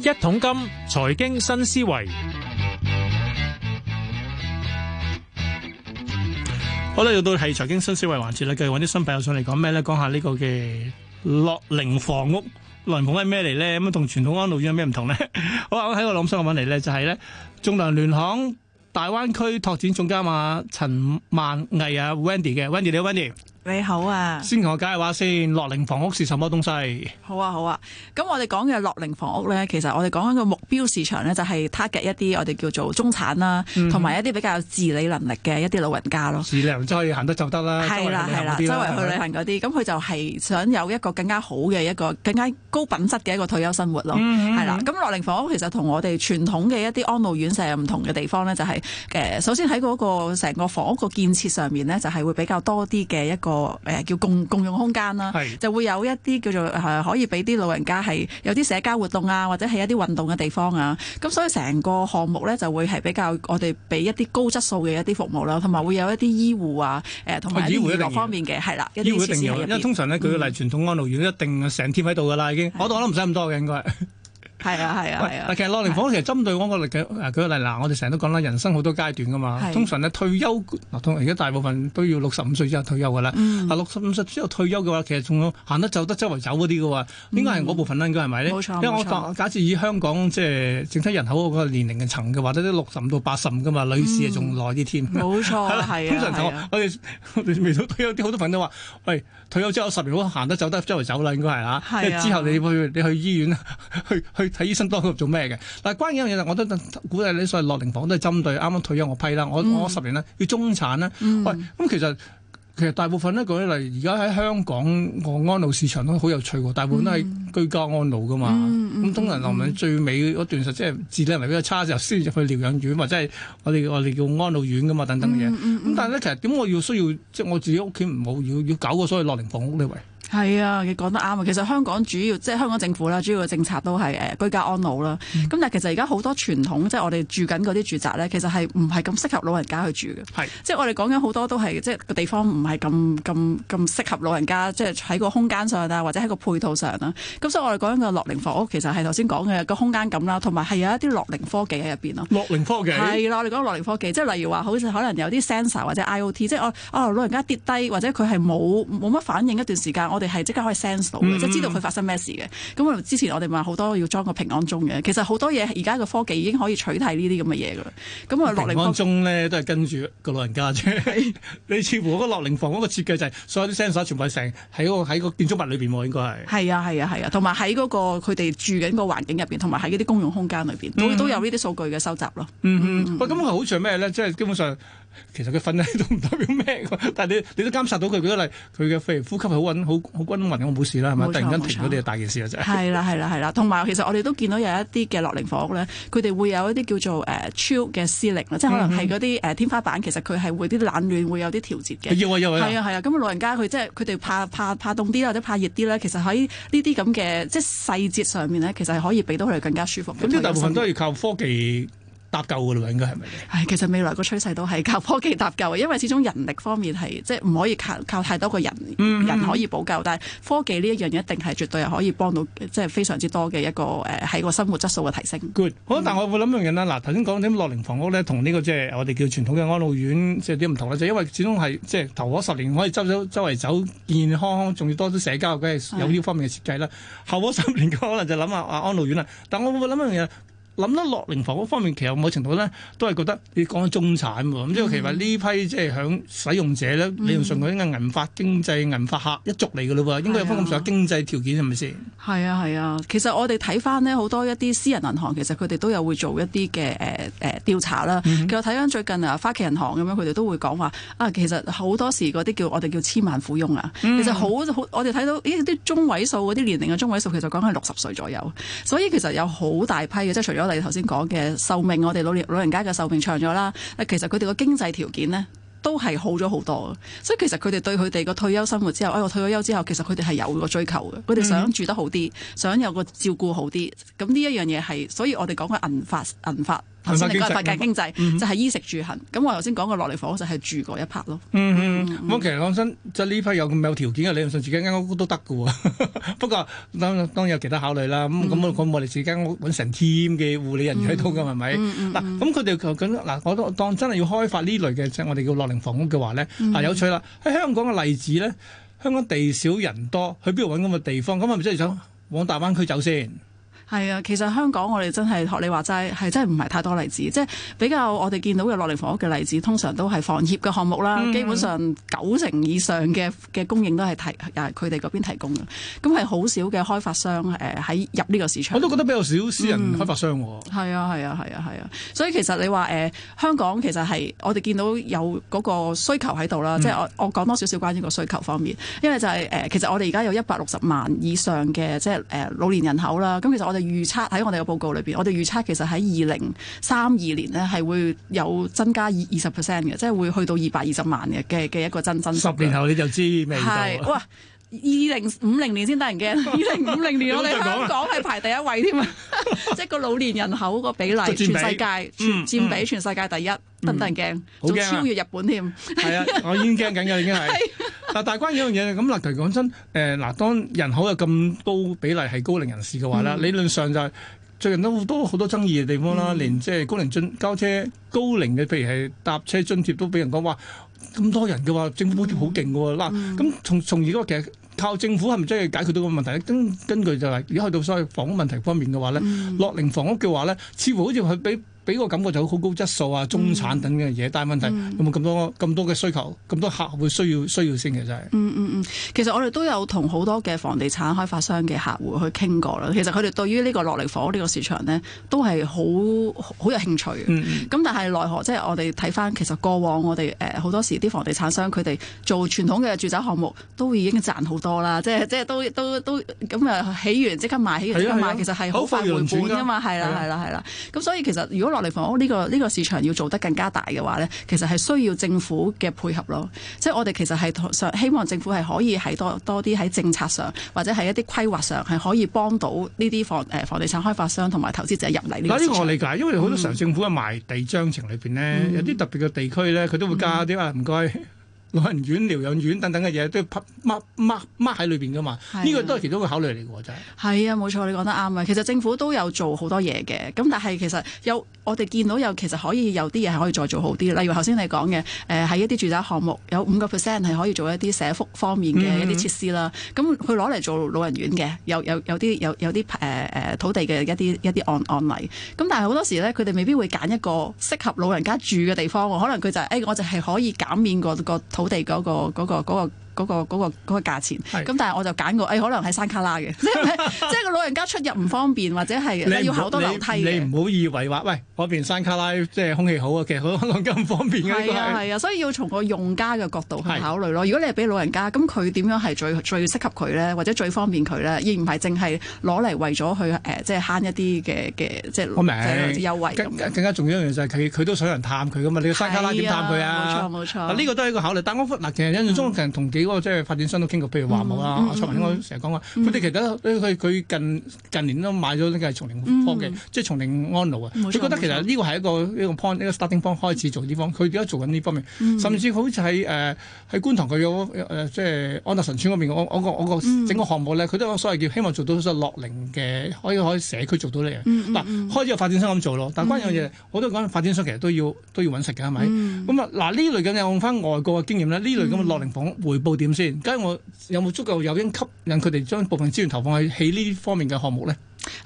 一桶金財經新思維，好啦，又到係財經新思維環節啦，繼續揾啲新朋友上嚟講咩咧？講下呢、這個嘅樂齡房屋，樂齡房屋係咩嚟咧？咁樣同傳統安老院有咩唔同咧？好，個我喺度諗想揾嚟咧，就係咧，仲量聯行大灣區拓展總監啊，陳曼藝啊，Wendy 嘅，Wendy 你好 Wendy 你好啊！先同我解下話先，樂齡房屋是什麼東西？好啊，好啊！咁我哋講嘅樂齡房屋咧，其實我哋講緊個目標市場咧，就係、是、target 一啲我哋叫做中產啦，同埋、嗯、哼一啲比較有自理能力嘅一啲老人家咯。自理唔即係行得走得啦，係啦係啦，周圍去旅行嗰啲。咁佢吧就係想有一個更加好嘅一個更加高品質嘅一個退休生活咯。係啦，咁樂齡房屋其實我傳同我哋傳統嘅一啲安老院舍有唔同嘅地方咧，就係、是、誒、呃，首先喺嗰個成個房屋嘅建設上面咧，就係、是、會比較多啲嘅一個。誒，叫共共用空間啦，是就會有一啲叫做、呃、可以俾啲老人家係有啲社交活動啊，或者係一啲運動嘅地方啊。咁所以成個項目咧就會係比較我哋俾一啲高質素嘅一啲服務啦、啊，同埋會有一啲醫護啊，同、呃、埋醫護嘅方面嘅係啦，一啲設施定。因為通常咧，佢嘅例傳統安老院、嗯、一定成天喺度噶啦，已經，我覺得唔使咁多嘅應該。的 係啊係啊係啊！其實樂齡房其實針對我個例嘅，誒舉例嗱，我哋成日都講啦，人生好多階段㗎嘛。通常退休，嗱而家大部分都要六十五歲之後退休㗎啦。六十五歲之後退休嘅話，其實仲有行得走得周圍走嗰啲嘅喎。應該係嗰部分啦，應該係咪咧？因為我假假設以香港即係整體人口嗰個年齡層嘅話，或者啲六十五到八十五㗎嘛，女士啊仲耐啲添。冇錯，通常我哋未退休啲好多朋友都話，喂，退休之後十年，我行得走得周圍走啦，應該係啦。之後你去你去醫院去去。睇醫生多嗰度做咩嘅？嗱，關鍵一樣嘢，就我都估計你所謂樂齡房都係針對啱啱退休我批啦，我、嗯、我十年啦，要中產啦。嗯、喂，咁、嗯、其實其實大部分咧，舉例，而家喺香港個安老市場都好有趣喎。大部分都係居家安老噶嘛。咁、嗯嗯、通常臨命最尾嗰段實、嗯嗯、即係自理能力比較差就先入去療養院或者係我哋我哋叫安老院噶嘛等等嘅嘢。咁、嗯嗯嗯、但係咧，其實點我要需要即係、就是、我自己屋企唔好要要搞個所謂樂齡房屋呢位？係啊，你講得啱啊！其實香港主要即係香港政府啦，主要嘅政策都係誒居家安老啦。咁、嗯、但係其實而家好多傳統即係我哋住緊嗰啲住宅咧，其實係唔係咁適合老人家去住嘅是。即係我哋講緊好多都係即係個地方唔係咁咁咁適合老人家，即係喺個空間上啊，或者喺個配套上啊。咁所以我哋講緊嘅樂齡房屋其實係頭先講嘅個空間感啦，同埋係有一啲樂齡科技喺入邊咯。樂齡科技係啦、啊，我哋講樂齡科技，即係例如話好似可能有啲 sensor 或者 IoT，即係我啊、哦、老人家跌低或者佢係冇冇乜反應一段時間我哋係即刻可以 sense 到嘅，即知道佢發生咩事嘅。咁、嗯嗯、之前我哋話好多要裝個平安鐘嘅，其實好多嘢而家個科技已經可以取替呢啲咁嘅嘢噶啦。平安鐘咧、嗯、都係跟住個老人家啫。是 你似乎嗰個樂齡房嗰個設計就係、是、所有啲 sensor 全部係成喺個喺個建築物裏邊喎，應該係。係啊，係啊，係啊，同埋喺嗰個佢哋住緊個環境入邊，同埋喺啲公用空間裏邊，都、嗯、都有呢啲數據嘅收集咯。喂，咁佢好在咩咧？即、就、係、是、基本上。其實佢瞓咧都唔代表咩㗎，但係你你都監察到佢嗰例，佢嘅肺呼吸好穩好好均勻，我冇事啦，係咪？錯突然間停咗，你係大件事啊！真係係啦係啦係啦，同埋 其實我哋都見到有一啲嘅樂齡房屋咧，佢哋會有一啲叫做誒 chill 嘅司令啦，即係可能係嗰啲天花板，其實佢係會啲冷暖會有啲調節嘅、啊。要啊要啊！係啊，咁老人家佢即係佢哋怕怕怕凍啲啦，或者怕熱啲啦，其實喺呢啲咁嘅即係細節上面咧，其實係可以俾到佢更加舒服。咁大部分都係靠科技搭救噶咯喎，應該係咪？係，其實未來個趨勢都係靠科技搭救嘅，因為始終人力方面係即係唔可以靠靠太多個人、嗯、人可以補救，但係科技呢一樣嘢一定係絕對係可以幫到，即係非常之多嘅一個誒，喺、呃、個生活質素嘅提升。Good，好，嗯、但我會諗一樣嘢啦。嗱，頭先講點樂齡房屋咧、這個，同呢個即係我哋叫傳統嘅安老院，即係啲唔同咧？就因為始終係即係頭嗰十年可以周周周圍走健康，仲要多啲社交，梗係有呢方面嘅設計啦。是後嗰十年嘅可能就諗下啊安老院啦。但我會諗一樣嘢。諗得落樂齡房屋嗰方面，其實某程度咧都係覺得你講中產喎，咁即係其實呢批即係響使用者咧，你、嗯、理論上佢應該銀發經濟、銀發客一族嚟㗎咯喎，應該有翻咁上下經濟條件係咪先？係啊係啊，啊，其實我哋睇翻呢好多一啲私人銀行，其實佢哋都有會做一啲嘅誒誒調查啦。其實睇翻最近啊，花旗銀行咁樣佢哋都會講話啊，其實好多時嗰啲叫我哋叫千萬富翁啊，嗯、其實好我哋睇到咦啲中位數嗰啲年齡嘅中位數，其實講緊係六十歲左右，所以其實有好大批嘅，即係除咗。我哋頭先講嘅壽命，我哋老年老人家嘅壽命長咗啦。其實佢哋個經濟條件呢都係好咗好多，所以其實佢哋對佢哋個退休生活之後，哎，我退咗休之後，其實佢哋係有個追求嘅，佢哋想住得好啲，mm hmm. 想有個照顧好啲。咁呢一樣嘢係，所以我哋講嘅銀髮銀髮。係咪？你個世界經濟，經濟就係、是、衣食住行。咁我頭先講個樂齡房屋就係住嗰一 part 咯。嗯嗯。咁其實講真，即係呢批有咁有條件嘅，你用自己間屋都得嘅喎。 不過當當然有其他考慮啦。咁咁、嗯、我我我哋自己間屋揾成 team 嘅護理人員都㗎，係咪、嗯？嗱吧，咁佢哋咁嗱，我當當真係要開發呢類嘅，即係我哋叫樂齡房屋嘅話咧，嗱、嗯、有趣啦。喺香港嘅例子咧，香港地少人多，去邊度揾咁嘅地方？咁咪即係想往大灣區走先。係啊，其實香港我哋真係學你話齋，係真係唔係太多例子，即係比較我哋見到嘅樂齡房屋嘅例子，通常都係房協嘅項目啦。嗯、基本上九成以上嘅嘅供應都係提佢哋嗰邊提供嘅，咁係好少嘅開發商喺、呃、入呢個市場。我都覺得比較少私人開發商喎。係、嗯、啊係啊係啊係啊，啊，所以其實你話、呃、香港其實係我哋見到有嗰個需求喺度啦，嗯、即係我我講多少少關於個需求方面，因為就係、是呃、其實我哋而家有一百六十萬以上嘅即係、呃、老年人口啦，咁其實我預測喺我哋嘅報告裏邊，我哋預測其實喺二零三二年咧係會有增加二十 percent 嘅，即係會去到二百二十萬嘅嘅嘅一個增增。十年後你就知未？係哇。二零五零年先得人驚，二零五零年我哋香港係排第一位添啊！即係個老年人口個比例，全世界佔比全世界第一，都得人驚，仲超越日本添。係啊，我已經驚緊㗎，已經係。嗱，大關依樣嘢咁嗱，其實講真，誒嗱，當人口有咁高比例係高齡人士嘅話啦，理論上就係最近都都好多爭議嘅地方啦，連即係高齡津交車、高齡嘅譬如係搭車津貼都俾人講話。咁多人嘅話，政府好似好勁喎。嗱、嗯，咁、嗯、從從而嗰個其實靠政府係咪真係解決到個問題咧？根根據就係而家去到所謂房屋問題方面嘅話咧，嗯、樂齡房屋嘅話咧，似乎好似佢俾。俾個感覺就好高質素啊，中產等嘅嘢，嗯、但問問題有冇咁多咁多嘅需求，咁多客戶需要需要先嘅真係。嗯嗯嗯，其實我哋都有同好多嘅房地產開發商嘅客戶去傾過啦。其實佢哋對於呢個樂齡房呢個市場咧，都係好好有興趣嘅。咁、嗯、但係奈何即係我哋睇返，其實過往我哋好、呃、多時啲房地產商佢哋做傳統嘅住宅項目，都已經賺好多啦。即係即係都都都咁啊，起完即刻賣起完即刻賣、啊啊、其實係好快回本㗎嘛。係啦係啦係啦。咁、啊啊啊啊、所以其實如果落嚟房屋呢個呢個市場要做得更加大嘅話咧，其實係需要政府嘅配合咯。即係我哋其實係希望政府係可以喺多多啲喺政策上，或者喺一啲規劃上係可以幫到呢啲房誒房地產開發商同埋投資者入嚟呢個。呢個我理解，因為好多時候政府嘅賣地章程裏邊咧，嗯、有啲特別嘅地區咧，佢都會加啲啊，唔該。老人院、療養院等等嘅嘢都要掹掹掹喺裏邊噶嘛，呢、啊、個都係其中嘅考慮嚟嘅，真係。係啊，冇錯，你講得啱啊。其實政府都有做好多嘢嘅，咁但係其實有我哋見到有其實可以有啲嘢係可以再做好啲，例如頭先你講嘅，誒、呃、喺一啲住宅項目有五個 percent 係可以做一啲社福方面嘅一啲設施啦。咁佢攞嚟做老人院嘅，有有有啲有有啲誒誒土地嘅一啲一啲案案例。咁但係好多時咧，佢哋未必會揀一個適合老人家住嘅地方喎，可能佢就係、是、誒、哎，我就係可以減免個、那個。土地嗰個，嗰個，嗰個。嗰個嗰個嗰個價錢，咁但係我就揀個誒，可能係山卡拉嘅，即係個老人家出入唔方便，或者係你要好多樓梯。你唔好以為話喂，嗰邊山卡拉即係空氣好啊，其實好多老人家唔方便嘅係。係啊，係啊，所以要從個用家嘅角度去考慮咯。如果你係俾老人家，咁佢點樣係最最適合佢咧，或者最方便佢咧，而唔係淨係攞嚟為咗去誒，即係慳一啲嘅嘅即係嗰啲優惠。更加重要一樣就係佢佢都想人探佢噶嘛？你要山卡拉點探佢啊？冇錯冇錯，呢個都係一個考慮。但我忽嗱，其實印象中，其實同幾嗰個即係發展商都傾過，譬如華木啦，蔡文英，我成日講話。佢哋其實咧，佢佢近近年都買咗呢個係松齡科技，即係松齡安老啊。佢覺得其實呢個係一個一個 point，一個 starting point 開始做呢方。佢而家做緊呢方面，甚至好似喺誒喺觀塘佢嘅誒即係安達臣邨嗰邊，我我個整個項目咧，佢都所謂叫希望做到樂齡嘅，可以可以社區做到呢咧。嗱，開始有發展商咁做咯。但係關鍵嘅嘢，我都講發展商其實都要都要揾食嘅，係咪？咁啊，嗱呢類嘅，你用翻外國嘅經驗咧，呢類咁嘅樂齡房回報。點先？梗係我有冇足夠誘因吸引佢哋將部分資源投放喺起呢啲方面嘅項目咧？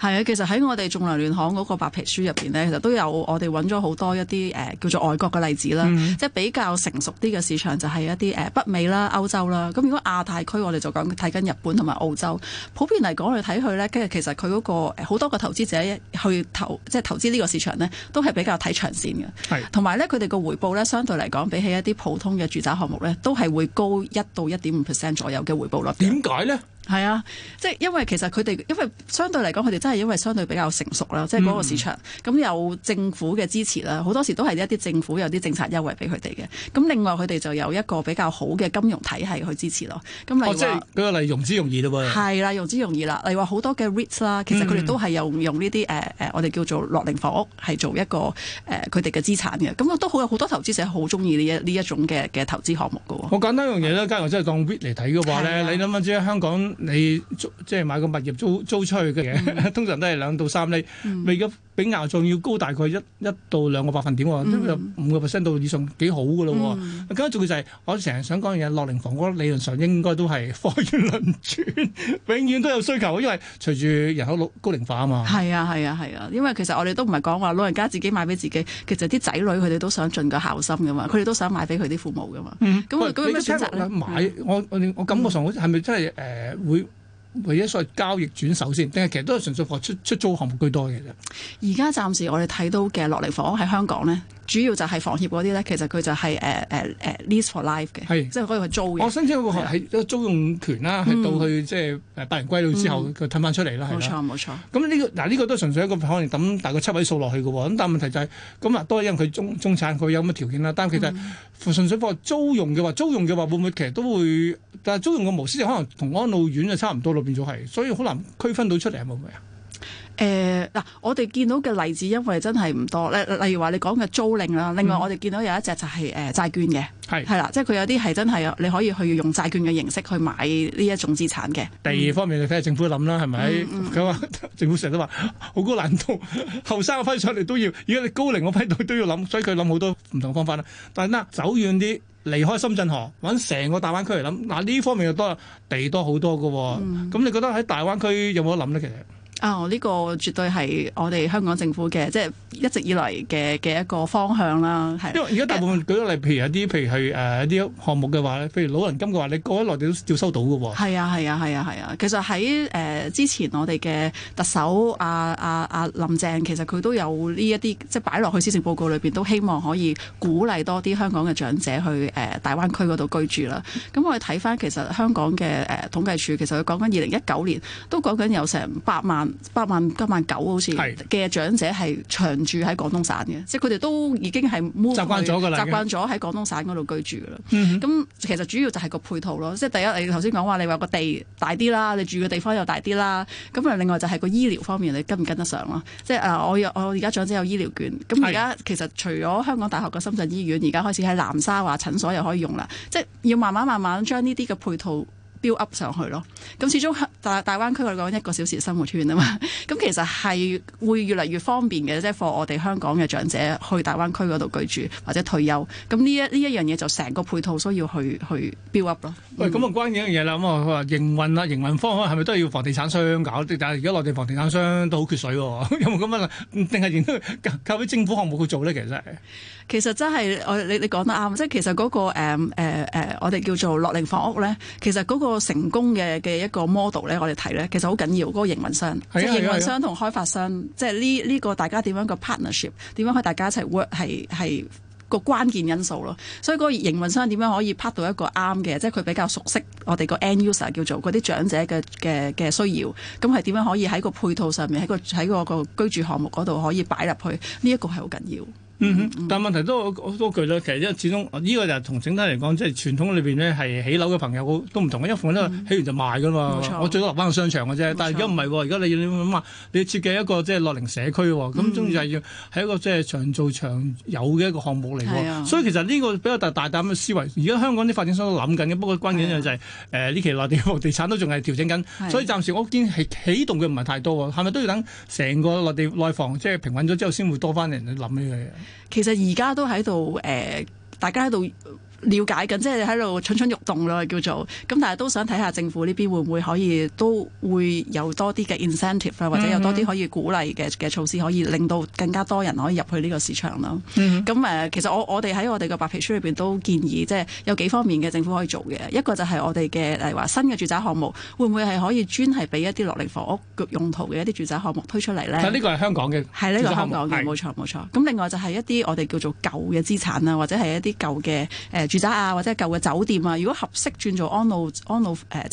係啊，其實喺我哋仲量聯行嗰個白皮書入邊咧，其實都有我哋揾咗好多一啲誒、呃、叫做外國嘅例子啦，嗯、即係比較成熟啲嘅市場就係一啲誒、呃、北美啦、歐洲啦。咁如果亞太區，我哋就講睇緊日本同埋澳洲。普遍嚟講，我哋睇佢咧，跟住其實佢嗰、嗰個好多個投資者去投即係投資呢個市場咧，都係比較睇長線嘅。同埋咧，佢哋嘅回報咧，相對嚟講比起一啲普通嘅住宅項目咧，都係會高一到一點五 percent 左右嘅回報率。點解咧？係啊，即、就、係、是、因為其實佢哋因為相對嚟講，佢哋真係因為相對比較成熟啦，即係嗰個市場咁、嗯、有政府嘅支持啦，好多時都係一啲政府有啲政策優惠俾佢哋嘅。咁另外佢哋就有一個比較好嘅金融體系去支持咯。咁嚟講，即嗰個嚟融資容易嘞喎。係啦、啊，融資容易啦。例如話好多嘅 REIT 啦，其實佢哋都係用用呢啲誒我哋叫做樂齡房屋係做一個誒佢哋嘅資產嘅。咁都好有好多投資者好中意呢一呢種嘅嘅投資項目噶喎。好、哦、簡單我、啊、一樣嘢啦，假如，真係當 REIT 嚟睇嘅話咧，你諗諗知香港。你租即係買個物業租租出去嘅嘢，嗯、通常都係兩到三厘。嗯、未急。比亞仲要高大概一一到兩個百分點，即係五個 percent 到以上，幾好嘅咯。咁樣重要就係、是、我成日想講嘢，樂齡房我理論上應該都係貨如輪轉，永遠都有需求，因為隨住人口老高齡化啊嘛。係啊係啊係啊，因為其實我哋都唔係講話老人家自己買俾自己，其實啲仔女佢哋都想盡個孝心嘅嘛，佢哋都想買俾佢啲父母嘅嘛。咁啊、mm，咁樣選擇咧，買我我我感覺上係咪真係誒、mm hmm. 呃、會？唯一所謂交易轉手先，定係其實都係純粹房出出租項目居多嘅啫？而家暫時我哋睇到嘅樂齡房喺香港咧。主要就係房協嗰啲咧，其實佢就係誒誒誒 lease for life 嘅，是即係嗰個租嘅。我申請嗰個係租用權啦、啊，係、嗯、到去即係誒大人歸老之後，佢褪翻出嚟啦，係冇錯冇錯。咁呢的錯、呢個嗱呢、啊這個都純粹一個可能揼大概七位數落去嘅喎、哦，咁但係問題就係咁啊都係因為佢中中產佢有咁嘅條件啦、啊，但係其實純粹話租用嘅話，租用嘅話會唔會其實都會？但係租用嘅模式可能同安老院就差唔多咯，變咗係，所以好難區分到出嚟係冇咩啊。誒嗱、呃，我哋見到嘅例子，因為真係唔多咧。例如話你講嘅租令啦，另外我哋見到有一隻就係、是、誒、呃、債券嘅，係啦是，即係佢有啲係真係你可以去用債券嘅形式去買呢一種資產嘅。第二方面你睇下政府諗啦，係咪咁啊？嗯嗯、 政府成日都話好高難度，後生我批上嚟都要，如果你高齡我批到都要諗，所以佢諗好多唔同方法啦。但係嗱，走遠啲，離開深圳河，搵成個大灣區嚟諗。嗱呢方面又多地多好多㗎喎、哦。咁、嗯、你覺得喺大灣區有冇得諗咧？其實？啊！呢、哦這個絕對係我哋香港政府嘅，即、就、係、是、一直以嚟嘅嘅一個方向啦。係，因為而家大部分舉例，呃、譬如有啲，譬如係誒一啲項目嘅話，譬如老人金嘅話，你過咗耐你都照收到嘅喎。是啊，係啊，係啊，係啊。其實喺誒、呃、之前，我哋嘅特首阿阿阿林鄭，其實佢都有呢一啲，即係擺落去施政報告裏邊，都希望可以鼓勵多啲香港嘅長者去誒、呃、大灣區嗰度居住啦。咁我哋睇翻其實香港嘅誒、呃、統計處，其實佢講緊二零一九年都講緊有成百萬。八萬、九萬九好似嘅是長者係長住喺廣東省嘅，即係佢哋都已經係習慣咗㗎啦，習慣咗喺廣東省嗰度居住㗎啦。咁、嗯、哼其實主要就係個配套咯，即係第一，你頭先講話，你話個地大啲啦，你住嘅地方又大啲啦，咁啊，另外就係個醫療方面，你跟唔跟得上咯？即係我我而家長者有醫療券，咁而家其實除咗香港大學嘅深圳醫院，而家開始喺南沙話診所又可以用啦。即係要慢慢慢慢將呢啲嘅配套 build up 上去咯，咁始終大大灣區我講一個小時生活圈啊嘛，咁其實係會越嚟越方便嘅，即係放我哋香港嘅長者去大灣區嗰度居住或者退休，咁呢一呢一樣嘢就成個配套需要去去 build up 咯、嗯。咁啊關鍵一樣嘢啦，咁啊佢話營運啊營運方係咪都係要房地產商搞？但係而家內地房地產商都好缺水喎、啊，有冇咁啊？定係靠靠啲政府項目去做咧？其實係其實真係你你講得啱，即係其實嗰個誒誒我哋叫做樂齡房屋咧，其實嗰、嗰個。個成功嘅嘅一個 model 咧，我哋睇咧，其實好緊要嗰、嗰個營運商，啊、即係營運商同開發商，啊啊、即係呢呢個大家點樣個 partnership，點樣可以大家一齊 work 係係個關鍵因素咯。所以嗰個營運商點樣可以 part 到一個啱嘅，即係佢比較熟悉我哋個 end user 叫做嗰啲長者嘅嘅嘅需要，咁係點樣可以喺個配套上面喺個喺個，個居住項目嗰度可以擺入去呢？一、呢個係好緊要。嗯，但問題都好、嗯、都巨咯。其實因為始終呢、呢個就係同整體嚟講，即係傳統裏面咧係起樓嘅朋友都不，都唔同嘅。一為都起完就賣噶嘛，嗯、我最多留翻個商場嘅啫。錯但係而家唔係喎，而家你，你，你，你要諗下，你設計一個即係樂齡社區喎，咁中意就係要係一個即係長做長有嘅一個項目嚟喎。啊、所以其實呢個比較大大膽嘅思維。而家香港啲發展商都諗緊嘅，不過關鍵一就係誒呢期內地房地產都仲係調整緊，是啊、所以暫時我見係起，起動嘅唔係太多喎。係咪都要等成個內地內房即係平穩咗之後，先會多翻人去諗呢樣嘢？其實現在都在，而家都喺度，誒，大家喺度。了解緊，即係喺度蠢蠢欲動咯，叫做咁。但係都想睇下政府呢邊會唔會可以，都會有多啲嘅 incentive 啦，或者有多啲可以鼓勵嘅嘅措施，嗯、哼可以令到更加多人可以入去呢個市場咯。咁誒、嗯哼，其實我我哋喺我哋嘅白皮書裏邊都建議，即係有幾方面嘅政府可以做嘅。一個就係我哋嘅例如話新嘅住宅項目會唔會係可以專係俾一啲樂齡房屋用途嘅一啲住宅項目推出嚟咧？呢個係香港嘅，係呢個香港嘅，冇錯冇錯。咁另外就係一啲我哋叫做舊嘅資產啊，或者係一啲舊嘅誒。呃住宅啊，或者舊嘅酒店啊，如果合適轉做安老即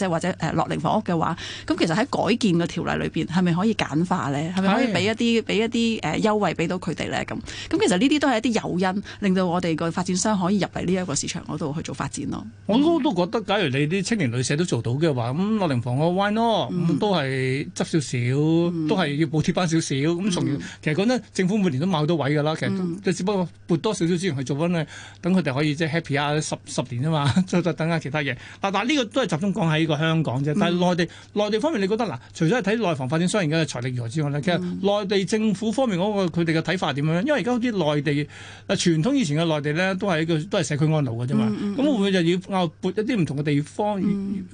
係或者誒樂齡房屋嘅話，咁、嗯、其實喺改建嘅條例裏邊，係咪可以簡化咧？係咪可以俾一啲俾的一啲誒、呃、優惠俾到佢哋咧？咁咁、嗯、其實呢啲都係一啲誘因，令到我哋個發展商可以入嚟呢一個市場嗰度去做發展咯。我都都覺得，假如你啲青年旅社都做到嘅話，咁樂齡房屋 o n、嗯、都係執少少，都係要補貼翻少少。咁、嗯嗯、從而其實講咧，政府每年都買好多位㗎啦，其實即係只不過撥多少少資源去做翻咧，等佢哋可以即係 happy 十十年啊嘛，再等下其他嘢。嗱，但係呢個都係集中講喺個香港啫。嗯、但係內地內地方面，你覺得嗱，除咗係睇內房發展商而家嘅財力如何之外咧，嗯、其實內地政府方面嗰、嗰個佢哋嘅睇法係點樣？因為而家好似內地嗱，傳統以前嘅內地咧，都係一個都係社區安老嘅啫嘛。咁、嗯嗯、會唔會就要拗撥一啲唔同嘅地方？嗯而嗯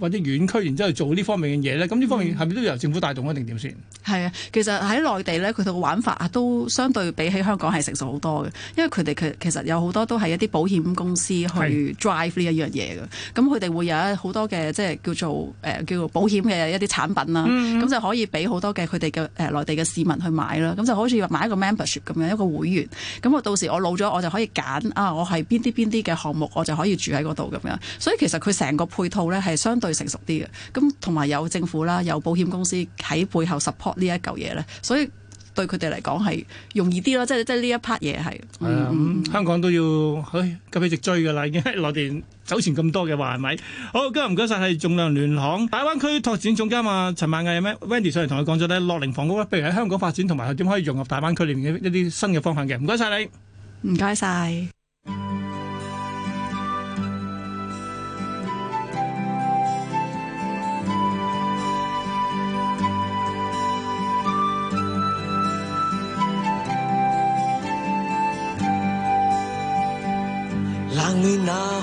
或者遠區，然之後做呢方面嘅嘢咧，咁呢方面係咪都要由政府帶動一定點先？係、嗯、啊，其實喺內地咧，佢哋嘅玩法啊，都相對比起香港係成熟好多嘅，因為佢哋佢其實有好多都係一啲保險公司去 drive 呢是一樣嘢嘅。咁佢哋會有好多嘅即係叫做誒、呃、叫做保險嘅一啲產品啦，咁、嗯、就可以俾好多嘅佢哋嘅誒內地嘅市民去買啦。咁就好似買一個 membership 咁樣一個會員，咁我到時我老咗，我就可以揀啊，我係邊啲邊啲嘅項目，我就可以住喺嗰度咁樣。所以其實佢成個配套咧係相對成熟啲嘅，咁同埋有政府啦，有保險公司喺背後 support 呢一嚿嘢咧，所以對佢哋嚟講係容易啲咯，即係即係呢一 part 嘢係。係啊，香港都要，唉，急起直追嘅啦，已經內地走前咁多嘅話係咪？好，今日唔該晒，係仲量聯行大灣區拓展總監啊，陳曼藝咩？Wendy 上嚟同佢講咗咧，樂齡房屋咧，譬如喺香港發展同埋佢點可以融入大灣區裏面嘅一啲新嘅方向嘅，唔該晒你，唔該晒。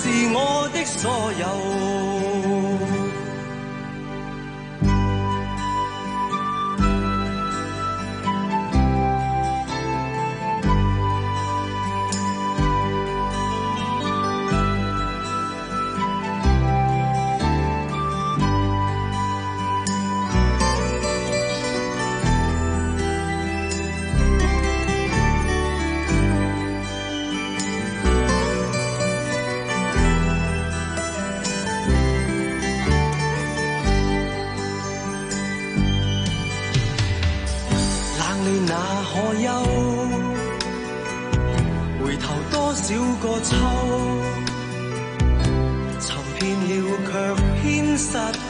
是我的所有。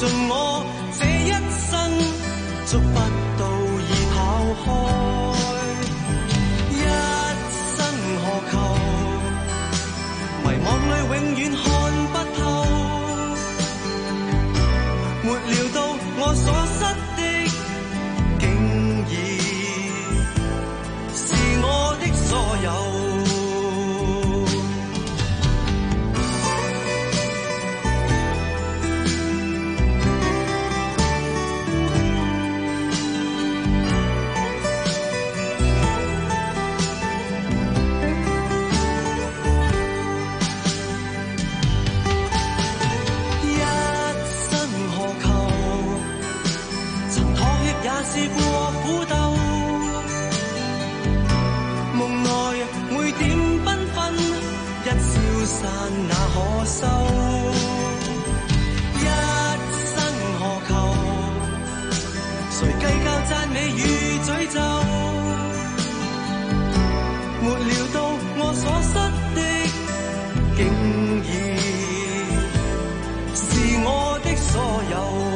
盡我這一生。沒料到我所失的，竟然是我的所有。